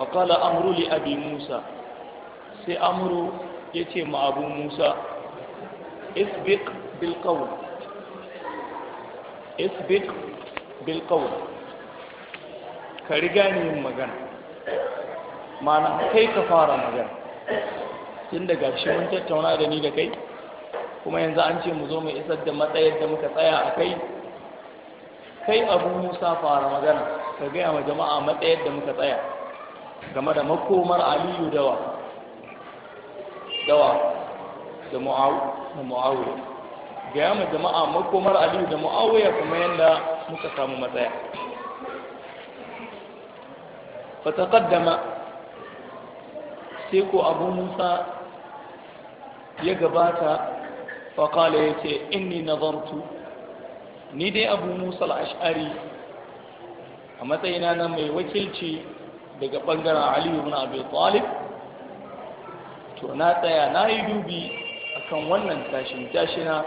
فقال أمر لأبي موسى سي أمر يتي مع أبو موسى اسبق بالقول اسبق بالقول كرغاني مغان kai ka كفارة مغان tun daga shi mun tattauna da ni da kai kuma yanzu an ce mu zo mu isar da matsayar da muka tsaya a kai kai abu musa fara magana ka gaya ma jama'a matsayar da muka tsaya game da makomar aliyu dawa dawa da mu'awiyar gaya ma jama'a makomar aliyu da mu'awiyar kuma yadda muka samu matsaya kaddama sai ko abu musa ya gabata faƙala ya ce inni zartu ni dai abu musa al'ashari a matsayina na mai wakilci daga ɓangaren aliyu na abu talib to na tsaya na yi dubi akan wannan tashin tashina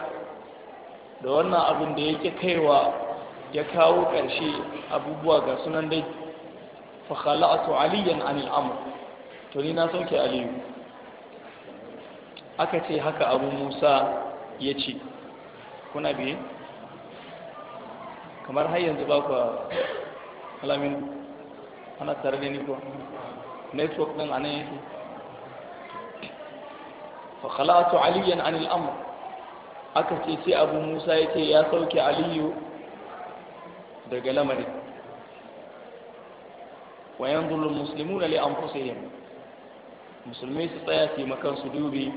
da wannan abin da yake kaiwa ya kawo ƙarshe abubuwa ga sunan dai a aliyan anil amr to ni na sauke aliyu aka ce haka abu musa ya ce kuna biyu kamar har yanzu ba ku alamin ana tare da ni ko network din anan yake fa khala'tu aliyan an al-amr aka ce sai abu musa yake ya sauke aliyu daga lamarin wa yanzuru al-muslimuna li fusayen? musulmai su tsaya su makan su dubi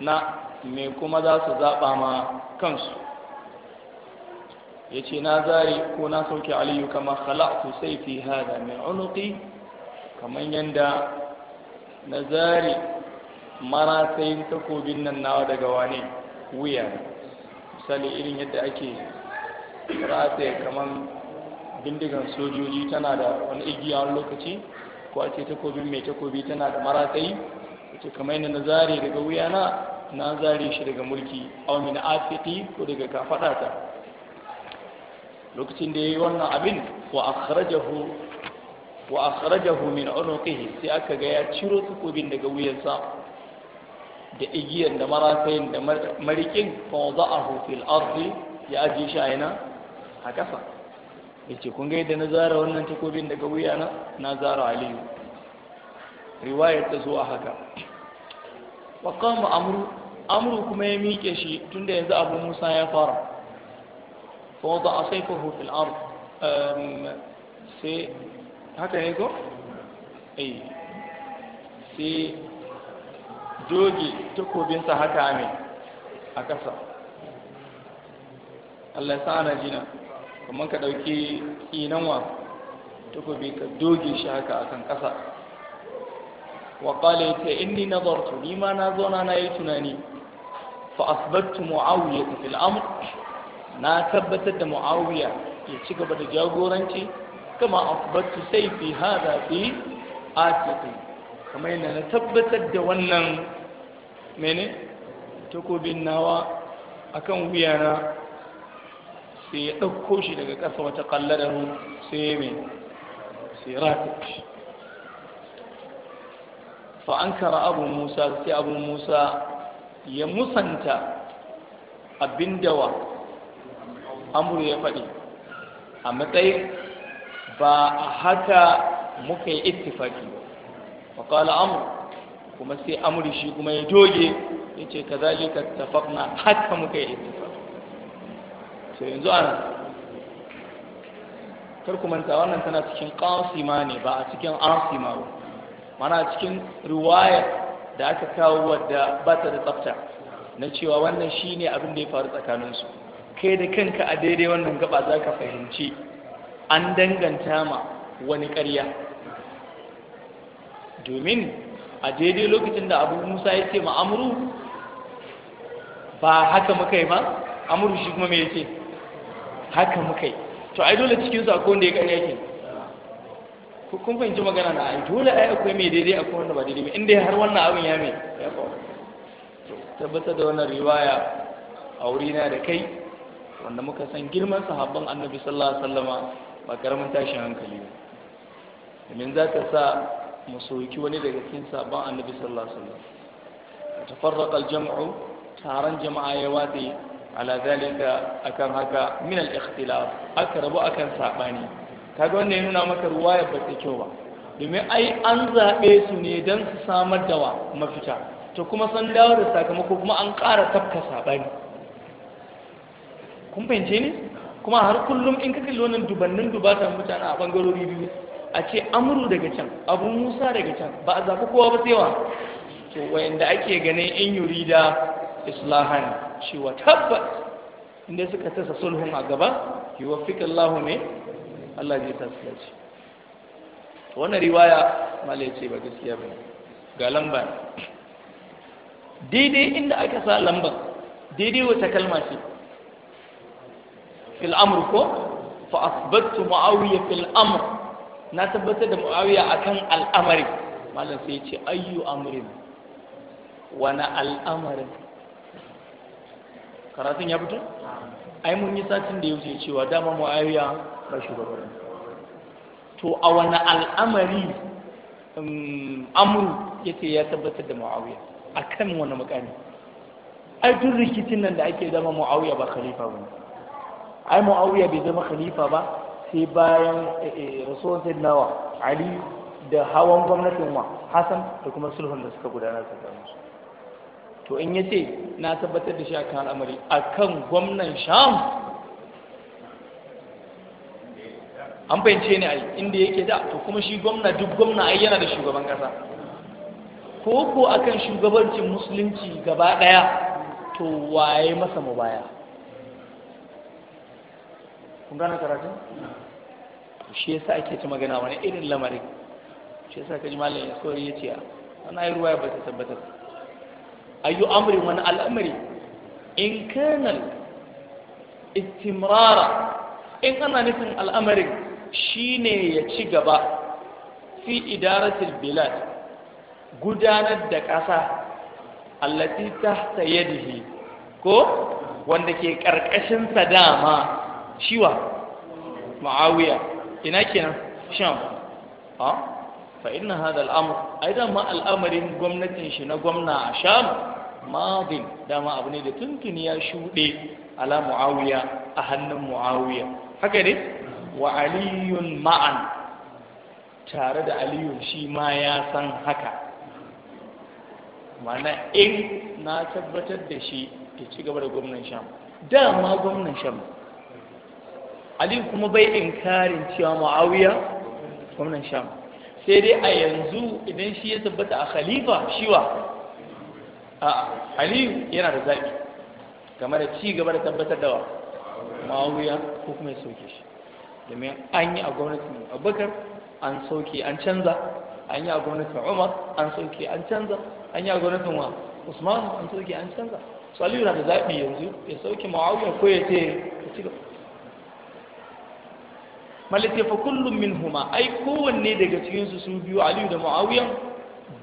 na me kuma za su zaba ma kansu ya ce na zari ko na sauke aliyu kama sai fi hada mai unuki. kaman yadda na zare marasayin takobin nan nawa daga wane wuya misali irin yadda ake rataya kamar bindigan sojoji tana da wani igiya wani lokaci ko ake takobin mai takobi tana da marasayi ce kamar yadda na zari daga wuyana na zari shi daga mulki au min afiki ko daga kafaɗata lokacin da ya yi wannan abin wa a wa min unuqihi sai aka ga ya ciro tukubin daga wuyansa da igiyar da marasayin da marikin fa a fil ardi ya aje shi a a kasa yace kun ga yadda na zara wannan tukubin daga wuyana na zara aliyu riwayar ta zo a haka wa qama amru kuma ya miƙe shi tunda yanzu abin musa ya fara ووضع سيفه في الأرض سي هكذا يقول أي سي جوجي تكو بنسا هكا عمي أكسا Allah ya sa jina kamar ka ɗauki inanwa takobi ka doge shi haka akan ƙasa wa qala ta inni nadartu ni ma na zauna na yi tunani fa asbattu na tabbatar da muawiya ya ci gaba da jagoranci kama sai fi hada fi atiqi kama na tabbatar da wannan mene takobin nawa akan wuyana sai ya ɗauko shi daga ƙasa wata ƙalladar sai ya mai sai shi fa an kara abu musa sai abu musa ya musanta abin dawa amuru ya faɗi a matsayin ba a haka muka yi ittifaki ba faƙala Amur kuma sai amru shi kuma ya doge ya ce ka zaje ka na haka muka yi ittifaki to yanzu ana karku manta wannan tana cikin ƙasima ne ba a cikin asima ba mana cikin riwayar da aka kawo wadda ba ta da tsafta na cewa wannan shi ne abin da ya faru tsakaninsu kai da kanka a daidai wannan gaba za ka fahimci an danganta ma wani ƙarya domin a daidai lokacin da abu musa ya ce ma'amuru ba haka muka yi ba amuru shi kuma mai ce haka muka yi to ai dole cikin sako da wanda ya ƙarya ke kun fahimci magana na ai dole ai akwai mai daidai akwai wanda ba daidai inda har wannan abin ya mai ya faru tabbatar da wannan riwaya a wurina da kai wanda muka san girman sahabban annabi sallallahu alaihi wasallama ba karamin tashin hankali ba domin za ka sa mu wani daga cikin sahabban annabi sallallahu alaihi wasallam tafarraqa al-jam'u taron jama'a ya wadi ala zalika akan haka min al-ikhtilaf aka rabu akan sabani kaga wannan ya nuna maka ruwaya ba ta kyau ba domin ai an zaɓe su ne don su samar da wa mafita to kuma san dawo da sakamako kuma an ƙara tafka saɓani kun fahimce ne kuma har kullum in ka kalli wannan dubannin dubata mutane a bangarori biyu a ce amuru daga can abu musa daga can ba a zafi kowa ba tsewa to wayanda ake ganin in da islahan cewa tabbas inda suka tasa sulhun a gaba fikin lahu ne Allah zai tasira ce. wannan riwaya malai ce ba gaskiya ba ga lamba daidai inda aka sa lamba daidai wata kalma ce fil amr ko fa asbattu muawiya fil amr na tabbatar da muawiya akan al'amari malam sai ce ayu amrin wani al'amarin karatun ya fito ai mun yi satin da ya cewa dama muawiya ba shugaba to a wani al'amari um, amru yace ya tabbatar da muawiya akan wani makami ai duk rikicin nan da ake zama muawiya ba khalifa ba ne. ai muawiya bai zama khalifa ba sai bayan eh, eh, rasuwan nawa ali da hawan gwamnatin wa hasan da kuma sulhun da suka gudana su to in yace na tabbatar da shi a kan al'amari kan gwamnan sham an fahimce ne ai inda yake da to kuma shi gwamna duk gwamna ai yana da shugaban kasa ko ko akan shugabancin musulunci gaba daya to waye masa mubaya baya kun gane karatun shi yasa ake ta magana wani irin lamarin shi yasa kaji malam ya sori ya ce ana yi ruwa ya ta tabbata ayu amri wani al'amari in kanal istimrara in ana nufin al'amarin shine ya ci gaba fi idaratul bilad gudanar da ƙasa allati tahta yadihi ko wanda ke ƙarƙashin sa dama shiwa ma'awiya ina kenan sham ha fa inna hadha al-amr aidan ma al'amarin gwamnatin shi na gwamna a sham madin dama abu ne da tuntuni ya shuɗe ala muawiya a hannun muawiya haka ne wa aliyun ma'an tare da aliyun shi ma ya san haka mana in na tabbatar da shi ke cigaba da gwamnan sham dama gwamnan sham ali kuma bai inkarin cewa muawiya gwamnan sham sai dai a yanzu idan shi ya tabbata a khalifa shiwa a ali yana da zaɓi game da ci gaba da tabbatar da muawiya ko kuma ya soke shi domin an yi a gwamnatin abubakar an soke an canza an yi a gwamnatin umar an soke an canza an yi a gwamnatin wa usman an soke an canza su aliyu na da zaɓi yanzu ya sauke muawiya ko ya ce ya ci gaba malaka fa kullum minhuma ai kowanne daga cikin su su biyu aliyu da muawiya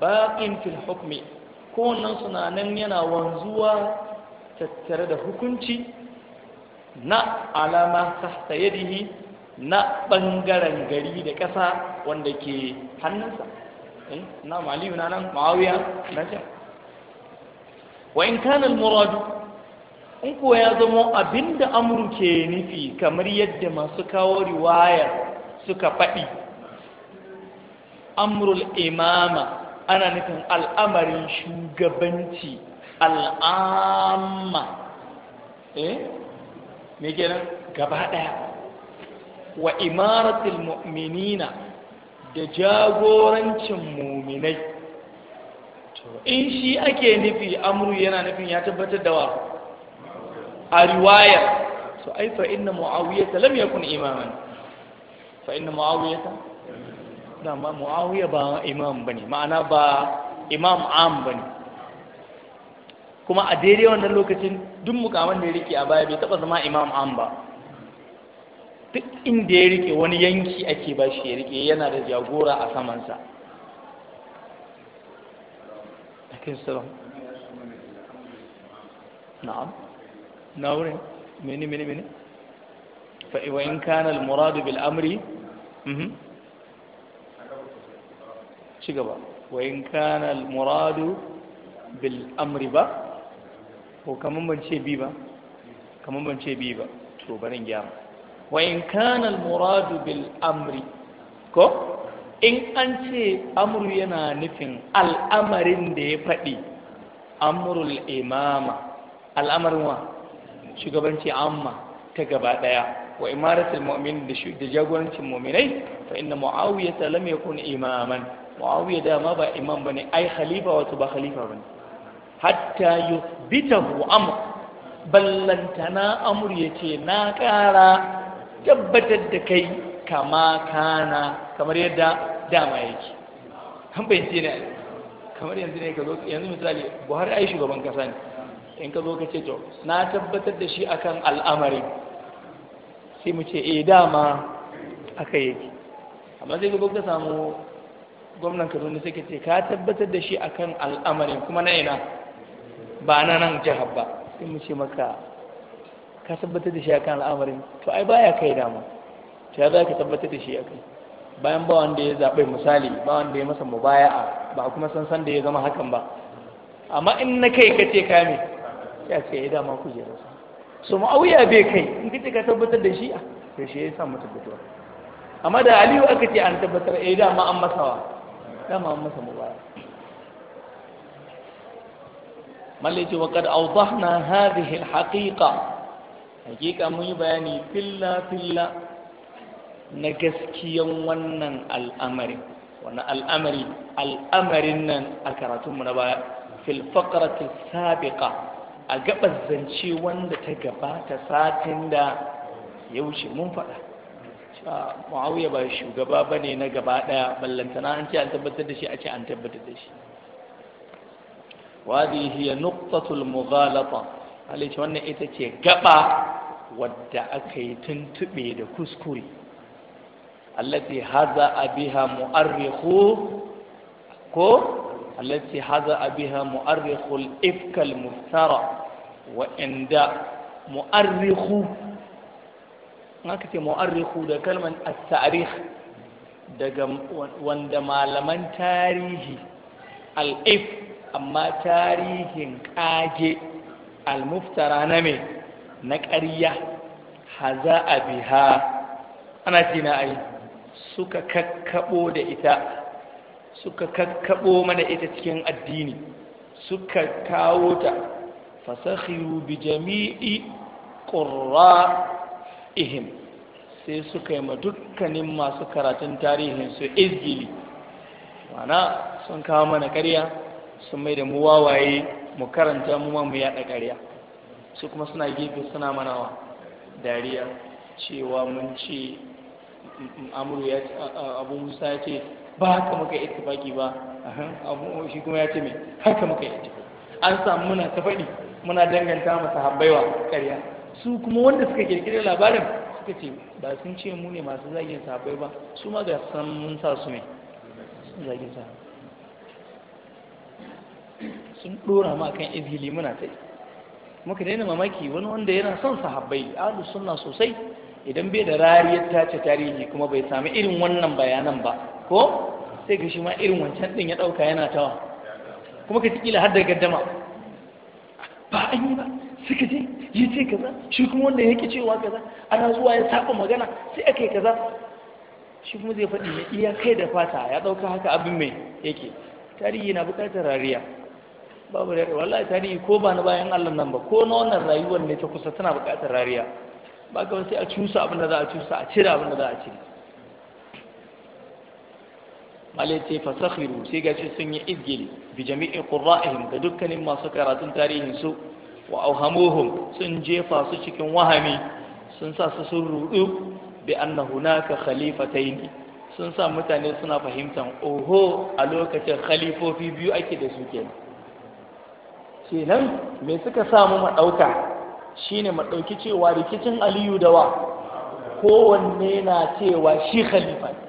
baqin fil hukmi kowannen su na nan yana wanzuwa tattare da hukunci na alama tahta yadihi na bangaren gari da ƙasa wanda ke hannunsa eh, na maliyu na nan muawiya na can wa in kana al muradu in kuwa ya zama abinda amru ke nufi kamar yadda masu kawo riwayar suka faɗi amurul imama ana nufin al'amarin shugabanci al'amma eh me kenan gaba ɗaya wa imaratul mu'minina da jagorancin muminai in shi ake nufi amuru yana nufin ya tabbatar da wa a riwaya to ai fa inna muawiyata lam yakun imaman fa inna muawiyata dama muawiya ba imam bane ma'ana ba imam am bane kuma a daidai wannan lokacin duk mukamman da ya rike a baya bai taba zama imam am ba duk inda ya rike wani yanki ake ba shi ya rike yana da jagora a samansa na'am na wurin mini-mini fa iwa in kana al muradu bil amri mhm ci gaba wa in kana al muradu bil amri ba ko kaman ban ce bi ba kaman ban ce bi ba to barin gyara wa in kana al muradu bil amri ko in an ce amru yana nufin al'amarin da ya faɗi amrul imama al'amarin wa shugabanci amma ta gaba daya wa imaratul mu'min da jagorancin mu'minai fa inna muawiya lam yakun imaman muawiya da ma ba imam bane ai khalifa wato ba khalifa bane hatta yuthbitahu amr ballantana amr yace na kara tabbatar da kai kama kana kamar yadda dama yake an bayyana kamar yanzu ne ka zo yanzu misali Buhari ai shugaban kasa ne in ka zo ka ce to na tabbatar da shi akan al'amari sai mu ce eh dama aka yi. amma sai ka samu gwamnan kaduna sai ka ce ka tabbatar da shi akan al'amarin kuma na ina ba na nan jihar ba sai mu ce maka ka tabbatar da shi akan al'amarin to ai baya kai dama to ya za ka tabbatar da shi akan bayan ba wanda ya zaɓe misali ba wanda ya masa mubaya'a ba kuma san san da ya zama hakan ba amma in na kai ka ce ka ya ce ya eh, dama kujerarsa su ma'auya bai kai in kace ka tabbatar da shi ah, to shi ya samu tabbatar amma da aliyu aka ce an tabbatar eh dama an masawa dama an masa mubarak mallaci wa qad awdahna hadhihi alhaqiqa hakika mun yi bayani filla filla na gaskiyan wannan al'amari wannan al'amari al'amarin nan a karatunmu na baya fil faqrati sabiqa a gabas zance wanda ta gabata satin da ya wuce mun faɗa cewa ba shugaba ba ne na gaba ɗaya ballantana an ce an tabbatar da shi a ce an tabbatar da shi wadi hiya nuqtatul mughalata alice wannan ita ce gaba wadda aka yi tuntuɓe da kuskure allati haza biha mu'arrikhu ko التي حذأ بها مؤرخ الإفك المفترى وعند مؤرخ هكذا مؤرخ ده كلمة التاريخ daga wanda malaman tarihi al'if amma tarihin ƙage almuftara na me na ƙarya haza a biha ana tina suka kakkaɓo da ita suka kakkaɓo mana ita cikin addini suka kawo ta fasakhiru bi jami'i ihim sai suka yi ma dukkanin masu karatun tarihin su izgili mana sun kawo mana ƙarya sun mai da mu wawaye mu karanta mu ma mu yaɗa ƙarya su kuma suna gefe suna manawa dariya cewa mun ce amuru ya abu musa ya ce ba haka muka yi ittifaki ba a shi kuma ya ce me haka muka yi an samu muna ta faɗi muna danganta masa habbaiwa ƙarya su kuma wanda suka kirkiri labarin suka ce ba sun ce mu ne masu zagin sahabbai ba su ma ga san mun sa su ne zagin sa sun ɗora ma kan izgili muna ta yi muka daina mamaki wani wanda yana son sahabbai alu sunna sosai idan bai da rariyar tace tarihi kuma bai sami irin wannan bayanan ba ko sai ga shi ma irin wancan ɗin ya ɗauka yana tawa kuma ka tikila har da gaddama ba an yi ba suka je yi ce kaza shi kuma wanda ya yake cewa kaza ana zuwa ya saba magana sai aka yi kaza shi kuma zai faɗi mai iya kai da fata ya ɗauka haka abin mai yake tarihi na buƙatar rariya babu da rariya wallahi tarihi ko ba na bayan allah nan ba ko na wannan rayuwar ne ta kusa tana buƙatar rariya ba ka sai a cusa abin da za a cusa a cire abin da za a cire malai ce fasakhiru sai gashi sun yi izgili bi jami'i qurra'ihim da dukkanin masu karatun tarihin su wa auhamuhum sun jefa su cikin wahami sun sa su sun rudu bi anna hunaka khalifatayn sun sa mutane suna fahimtar oho a lokacin khalifofi biyu ake da su kenan kenan me suka samu mu dauka shine mu dauki cewa rikicin aliyu da wa kowanne na cewa shi khalifa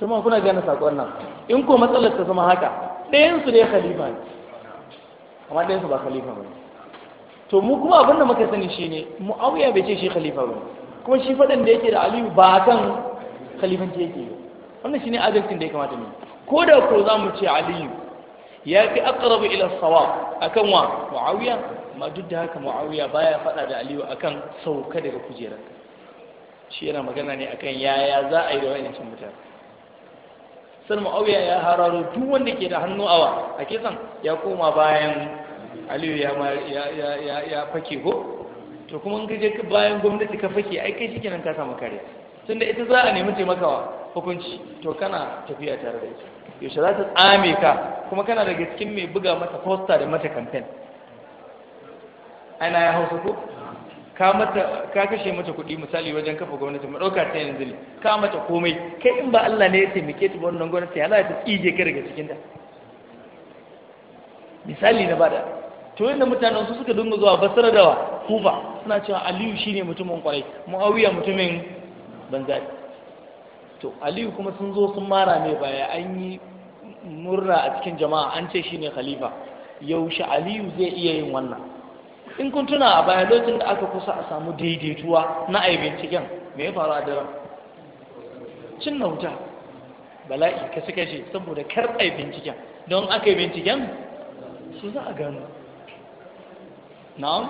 kuma kuna gane sakon nan in ko matsalar ta zama haka ɗayan su ne khalifa ne amma ɗayan su ba khalifa ba to mu kuma abin da muka sani shine muawiya bai ce shi khalifa ba kuma shi faɗan da yake da aliyu ba kan khalifanci yake yi wannan shine adalcin da ya kamata ne ko da ko za mu ce aliyu ya fi aqrabu ila sawab akan wa muawiya ma duk da haka muawiya baya faɗa da aliyu akan sauka daga kujerar shi yana magana ne akan yaya za a yi da wayancin mutane sun ma'auya ya hararo duk wanda ke da hannu awa a kisan ya koma bayan aliyu ya fake ko to kuma in kaje bayan gwamnati ka fake ai kai nan ka samu kare tunda ita za a nemi taimakawa hukunci to kana tafiya tare da ita yaushe za ta tsame ka kuma kana daga cikin mai buga mata fosta da mata kamfen ana ya hausa ko ka mata ka kashe mata kuɗi misali wajen kafa gwamnati mu ɗauka ta yanzu ne ka mata komai kai in ba Allah ne ya taimake ta wannan gwamnati ya za ta tsige ka daga cikin ta misali na bada to yanda mutanen su suka dinga zuwa basara dawa kufa suna cewa aliyu shine mutumin kwarai muawiya mutumin banza to aliyu kuma sun zo sun mara mai baya an yi murna a cikin jama'a an ce shine khalifa yaushe aliyu zai iya yin wannan in kun tuna a baya lokacin da aka kusa a samu daidaituwa na a binciken me ya faru a daren cin na wuta bala'i ka suka ce saboda kar a binciken don aka yi binciken su za a gano na'am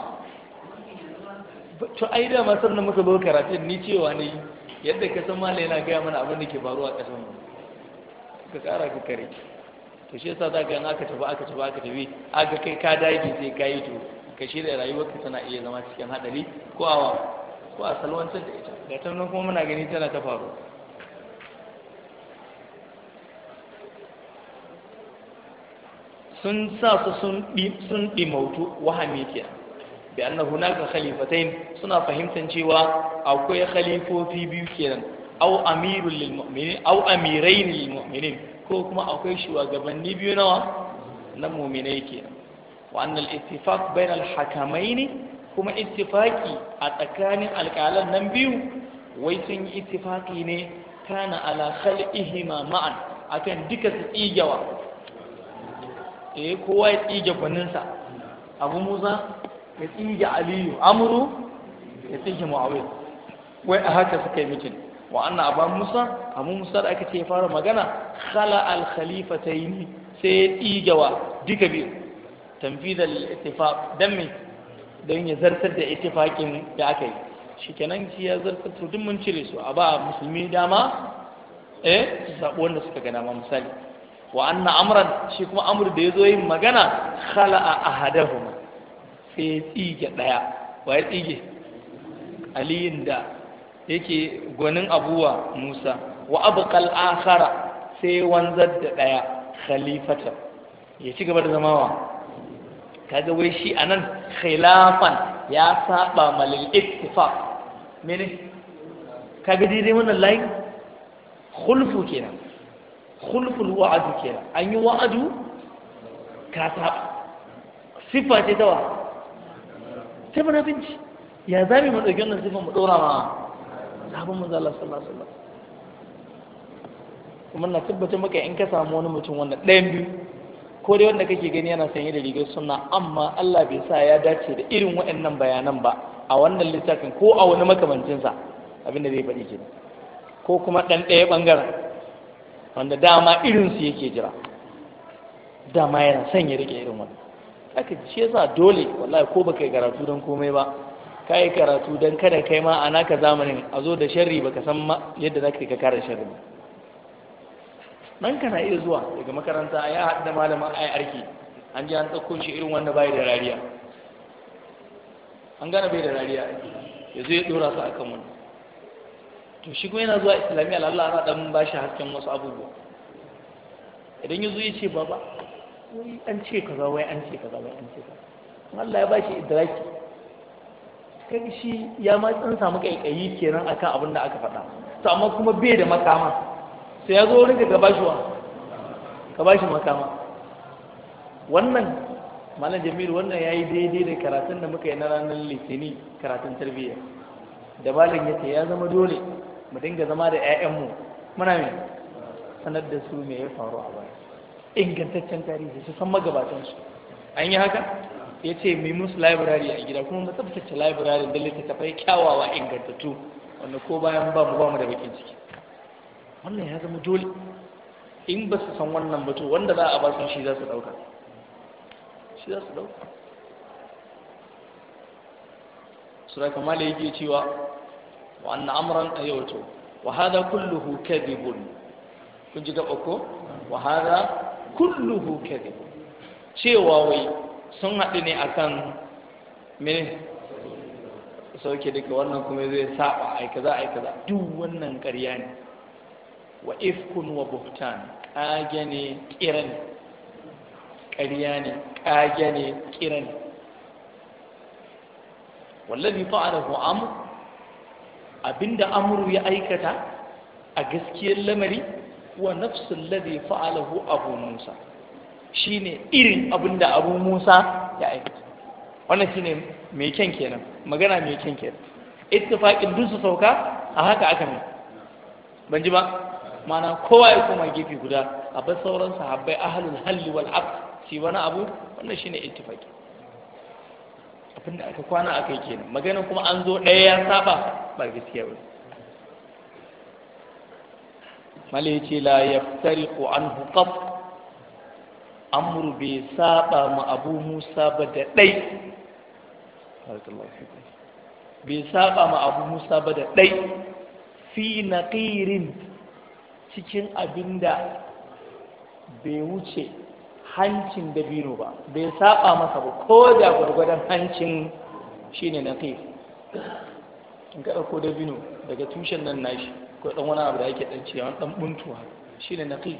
to ai da masar na muka zo karatun ni cewa ne yadda ka san malai yana gaya mana abin da ke faru a ƙasar mu ka kara ka kare to shi yasa za ka yana aka tafi aka tafi aka tafi aka kai ka dage sai ka yi to ka shirya rayuwarka tana iya zama cikin hadari ko a ko a salwantar da ita da ta kuma muna gani tana ta faru sun sa su sun mautu, wahami ke bi anna hunaka khalifatain suna fahimtar cewa akwai khalifofi biyu kenan au amirul lil mu'minin au amirain lil mu'minin ko kuma akwai shugabanni biyu nawa na mu'minai kenan wa annal ittifaq bainal hakamaini kuma ittifaki a tsakanin alkalan nan biyu wai sun yi ittifaki ne kana ala khalqihima ma'an akan duka su tsigewa eh kowa ya tsige gwaninsa abu musa ya tsige aliyu amru ya tsige muawiya wai a haka suka yi mitin wa anna aba musa abu musa da aka ce fara magana khala al khalifataini sai ya tsigewa duka biyu tanfida lil ittifaq dan me dan ya zartar da ittifaqin da aka yi shikenan shi ya zartar to duk cire su a ba musulmi dama eh su sabo wanda suka ga dama misali wa anna amran shi kuma amr da yazo yin magana khala'a ahadahuma sai ya tsige daya wa ya tsige aliyin da yake gwanin abuwa musa wa abqal akhara sai wanzar da daya khalifata ya ci gaba da zama wa kaga wai shi anan khilafan ya saba malil ittifaq mene kaga dai wannan layin khulfu kenan khulful wa'adu kenan an yi wa'adu ka saba sifa ce sai mun abinci. ya zami mu dauki wannan sifa mu dora ma sabon manzo Allah sallallahu alaihi wasallam kuma na tabbata maka in ka samu wani mutum wannan ɗayan biyu ko dai wanda kake gani yana sanye da rigar sunna amma Allah bai sa ya dace da irin waɗannan bayanan ba a wannan littafin ko a wani makamancinsa Abinda zai faɗi kenan ko kuma ɗan ɗaya ɓangaren wanda dama irinsu yake jira dama yana sanya rike irin wani aka ce yasa dole wallahi ko baka yi karatu don komai ba ka yi karatu don kada kai ma a naka zamanin a zo da sharri baka san yadda za ka kare sharri ba ka na iya zuwa daga makaranta ya haɗu da malamin arki an ji an ɗauko shi irin wanda bai da rariya an gane bai da rariya ya zo ya ɗora su a wani to shi kuma yana zuwa islamiyya Allah ana ɗan ba shi hasken wasu abubuwa idan ya zo ya ce baba wai an ce kaza wai an ce kaza wai an ce kaza Allah ya ba shi idraki kai shi ya ma tsan samu kaikayi kenan akan abin da aka faɗa to amma kuma bai da makama sai ya zo wurin ka gaba shi wa ka ba shi makama wannan malam jamilu wannan ya yi daidai da karatun da muka yi na ranar litini karatun tarbiyya da malam ya ce ya zama dole mu dinga zama da 'ya'yanmu muna mai sanar da su me ya faru a baya ingantaccen tarihi su san magabatansu an yi haka ya ce mai musu library a gida kuma mu tsabtace library da littattafai kyawawa ingantattu wanda ko bayan ba mu ba mu da bakin ciki wannan ya zama dole in ba su san wannan ba to wanda za a ba su shi za su dauka shi za su dauka sura kamala yake cewa wa anna amran ayawto wa hada kulluhu kadhibun kun ji gaba ko wa hada kulluhu kadhibun cewa wai sun haɗu ne akan mene sauke daga wannan kuma zai saba aika za aika za duk wannan ƙarya ne wa ifkun wa buhtan ƙage ne ƙiran ƙarya ne ƙage ne ƙiran wallazi fa'alahu amr abinda amru ya aikata a gaskiyar lamari wa nafsul ladhi fa'alahu abu musa shine irin abinda abu musa ya aikata wannan shine mai kyan kenan magana mai kyan kenan ittifaqin dusu sauka a haka aka ne ban ji ba mana kowa ya koma gefe guda a bar sauran sahabbai ahalul halli wal aqd shi wani abu wannan shine ittifaqi da aka kwana akai kenan maganin kuma an zo ɗaya ya saba ba gaskiya ba male ce la yaftariqu anhu qat amru bi saba ma abu musa ba da ɗai bai saba ma abu musa ba da ɗai fi naqirin cikin abin da bai wuce hancin dabino ba bai saba masa ba ko da gwargwadon hancin ne na kai in ka ɗauko dabino daga tushen nan nashi ko ɗan wani abu da ake ɗan ce wani ɗan buntuwa ne na kai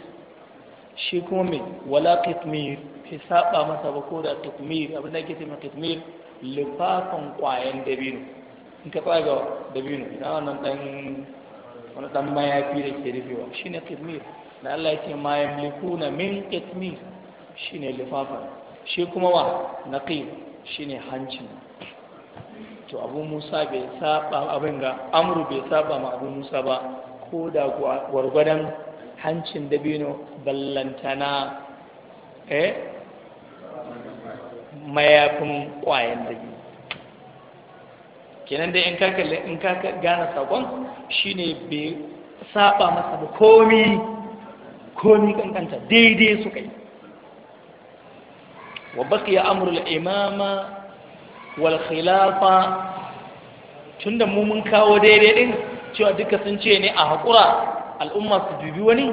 shi kuma mai wala kitmir bai saba masa ba ko da kitmir abin da ake ce mai kitmir lifafan kwayan dabino in ka tsaga dabino ina wannan ɗan wani dan mayafi da ke rufewa shine qitmir da Allah yake ma yamlikuna min qitmir shine lifafa shi kuma wa naqib shine hancin to abu musa bai saba abin ga amru bai saba ma abu musa ba ko da gwargwadon hancin dabino ballantana eh mayafin kwayan dabi kenan dai in ka kalli in ka gane sakon shine bai saba masa ba komi komi kankanta daidai su kai. wa ya amrul imama wal khilafa tunda mu mun kawo daidai din cewa duka sun ce ne a haƙura al'umma su dubi wani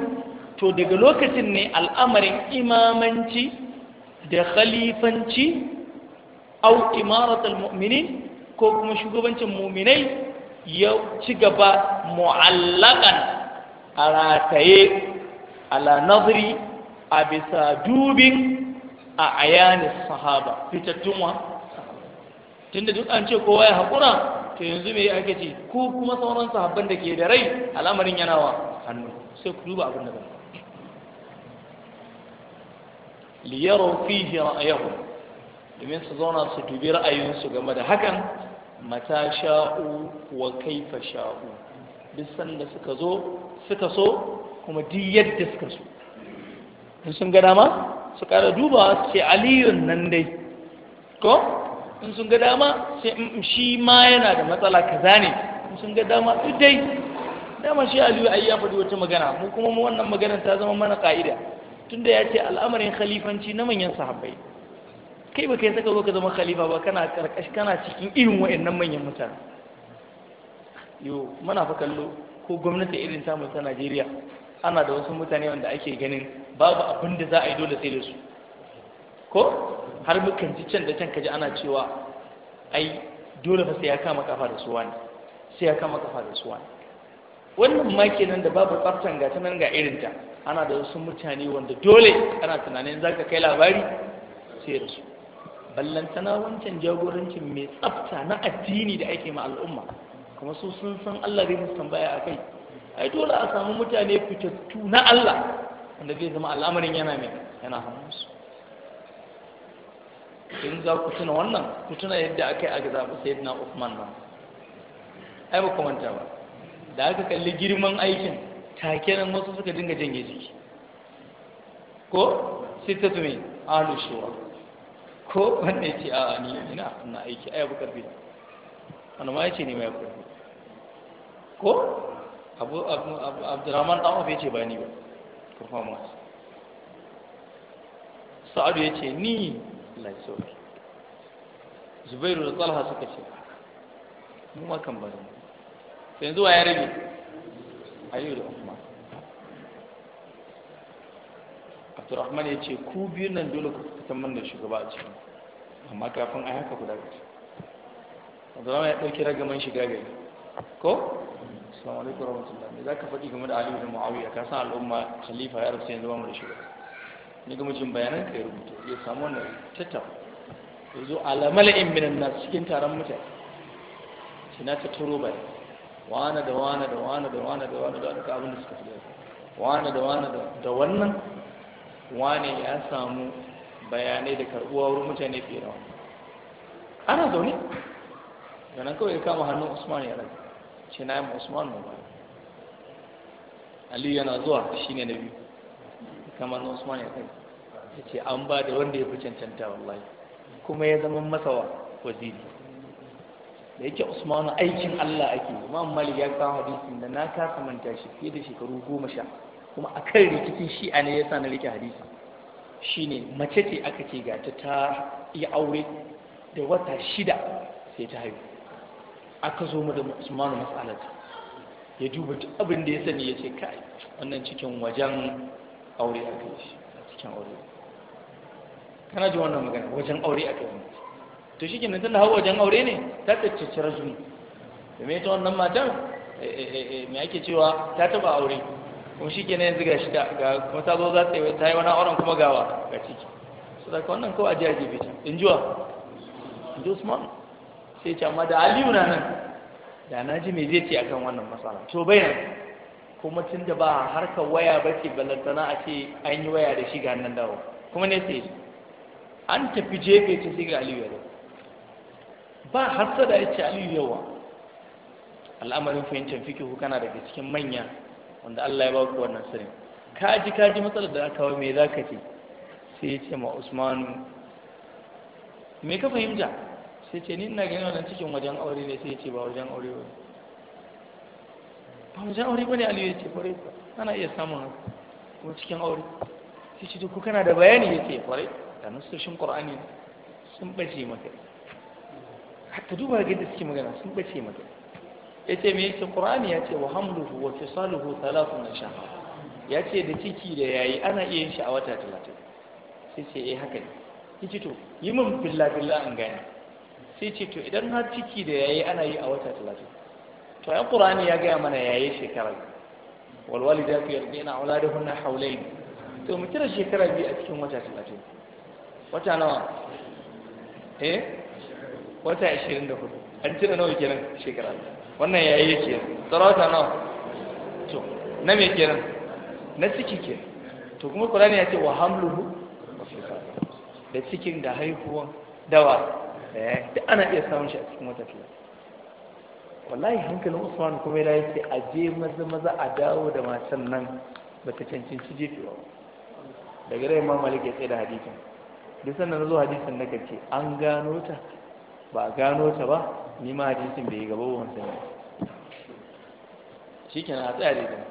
to daga lokacin ne al'amarin imamanci da khalifanci au imaratul mu'minin ko kuma shugabancin muminai ya ci gaba mu'allakan a rataye ala nazari a bisa dubin a ayanin sahaba fitattunwa tunda duk an ce kowa ya haƙura to yanzu mai ake ce ko kuma sauran sahabban da ke da rai al'amarin yana wa hannu sai ku duba abin da ba liyarau a ra'ayahu domin su zauna su dubi ra'ayinsu game da hakan mata sha'u wa kaifa sha'u duk sanda suka zo suka so kuma duk yadda suka so in sun ga dama su kara duba su ce aliyun nan dai ko in sun ga dama sai shi ma yana da matsala kaza ne in sun ga dama duk dai dama shi aliyu ayi ya faɗi wata magana mu kuma mu wannan maganar ta zama mana ka'ida tunda ya ce al'amarin khalifanci na manyan sahabbai kai ba kai saka zo ka zama khalifa ba kana karkashi kana cikin irin wa'annan manyan mutane yo muna fa kallo ko gwamnati irin ta mutane Najeriya ana da wasu mutane wanda ake ganin babu abin da za a yi dole sai da su ko har mukan ji can da can kaji ana cewa ai dole fa sai ya kama kafa da su wani sai ya kama kafa da su wani wannan ma kenan da babu tsaftan ga ta nan ga ta ana da wasu mutane wanda dole ana tunanin za ka kai labari sai da su ballantana wancan jagorancin mai tsafta na addini da ake ma al'umma kuma su sun san Allah zai musu tambaya a kai ai dole a samu mutane fitattu na Allah wanda zai zama al'amarin yana mai yana hannunsu in za ku tuna wannan ku tuna yadda aka yi a zaɓi na Uthman ba. ai ba kwamanta ba da aka kalli girman aikin take nan wasu suka dinga janye jiki ko ta min ahlu shura ko wanne ce a ni ina na aiki ai abu karfi da wani ma ya ce ne mai abu karfi ko abu abdurrahman dan ofe ce ba ni ba kurfa ma sa'adu ya ce ni Allah ya zubairu da talha suka ce mu ma kan bari yanzu wa ya rabe ayyu da kuma abdurrahman ya ce ku biyu nan dole ku fitan man da shugaba a cikin amma kafin a haka guda gaci wanda zama ya ɗauki ragaman shiga gari ko assalamu alaikum warahmatullahi me ka faɗi game da Aliyu da Muawiya ka san al'umma khalifa ya rasu yanzu ba mu da shugaba ni ga mijin bayanan ka ya rubuta ya samu wannan tattaun ya zo alamala'in minan na cikin taron mutane shi na ta turo bai wane da wane da wane da wane da wane da aka abin da suka fi wane da wane da wannan wane ya samu bayanai da karbuwa wurin mutane fiye da ana zaune ganin kawai ya kama hannun usman ya rage ce na yamma usman ba aliyu yana zuwa shi ne na biyu kama na usman ya rage ya ce an ba da wanda ya fi cancanta wallahi kuma ya zama masawa waziri da yake Usman aikin allah ake imam malik ya kawo hadisin da na kasa manta shi fiye da shekaru goma sha kuma akan rikicin shi'a ne ya sa na rike hadisi shine mace ce aka ce ga ta ta yi aure da wata shida sai ta haihu aka zo mu da musamman matsalar ya duba duk abin da ya sani ya ce kai wannan cikin wajen aure aka yi shi a cikin aure kana ji wannan magana wajen aure aka yi to shi kenan tunda hawa wajen aure ne ta tacce rajuni da me ta wannan matan, eh, eh, eh, me ake cewa ta taba aure kuma shi kenan yanzu ga shi ga kuma ta zo za ta yi ta yi wani auren kuma gawa ga ciki su da wannan kawai ajiyar jibi gefe can in jiwa in ji usman sai ce amma da aliyu na nan da na ji mai zai ce akan wannan matsala to nan kuma tun da ba harkar waya ba ce balantana a ce an yi waya da shi ga nan dawo kuma ne sai an tafi jefe ce sai ga aliyu yau ba har sada ya ce aliyu yawa al'amarin fahimtar fikihu kana daga cikin manya wanda Allah ya baku wannan sani kaji kaji matsalar da aka wame za ka ce sai ya ce ma Usmanu me ka fahimta sai ce ni ina gani wannan cikin wajen aure ne sai ya ce ba wajen aure ba ba wajen aure ba ne Aliyu ya ce kwarai ana iya samun haka cikin aure sai ce duk kana da bayani ya ce kwarai da nasoshin Qur'ani sun bace maka hatta duba ga yadda suke magana sun bace maka yace me yake qur'ani yace wa hamluhu wa fisaluhu 30 ya yace da ciki da yayi ana iya yin shi a wata talatin sai ce eh haka ne yace to yi min billa billa an gane sai ce to idan har ciki da yayi ana yi a wata talatin to ai qur'ani ya ga mana yayi shekara wal walidatu yardina auladahunna hawlayn to mu kira shekara biyu a cikin wata talatin wata nawa eh wata 24 an tuna nawa kenan shekara wannan yayi ke. sarauta nawa to na me nan. na ciki ke to kuma ne ya ce wa hamluhu da cikin da haihuwa dawa eh, da ana iya samun shi a cikin wata fiye wallahi hankalin Usman kuma ya ce a je maza maza a dawo da matan nan bata cancanci jefewa daga rai ma malik ya tsaye da hadisin duk sannan zo hadisin na kace an gano ta ba gano ta ba ni ma hadisin bai gaba ba wancan ne shi kenan a tsaya daidai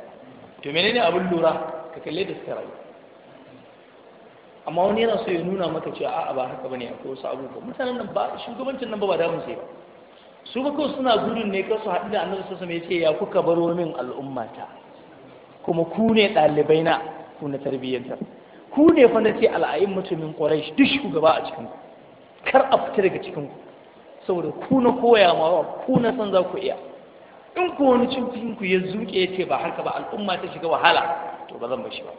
to menene abin lura ka kalle da suka rayu amma wani yana so ya nuna maka cewa a'a ba haka bane akwai wasu abubuwa mutanen nan ba shugabancin nan ba ba damu sai ba su ba kawai suna gudun ne kasu haɗu da annabi sassa mai ce ya kuka baro min al'ummata kuma ku ne ɗalibai na ku na tarbiyyantar ku ne fa na ce al'ayin mutumin ƙwarai duk shugaba a cikin kar a fita daga cikin ku saboda ku na koya ma ku na san za ku iya in ku wani cin ku ya zuke ya ce ba haka ba al'umma ta shiga wahala to ba zan bashi ba